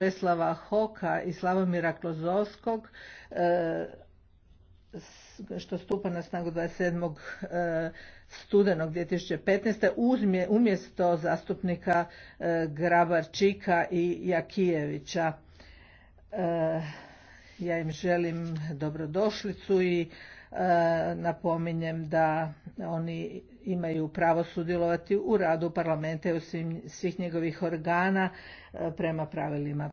Veslava Hoka i Slavomira Klozovskog e, što stupa na snagu 27. E, studenog 2015. umjesto zastupnika e, Grabarčika i Jakijevića. Ja im želim dobrodošlicu i napominjem da oni imaju pravo sudjelovati u radu parlamenta i u svih njegovih organa prema pravilima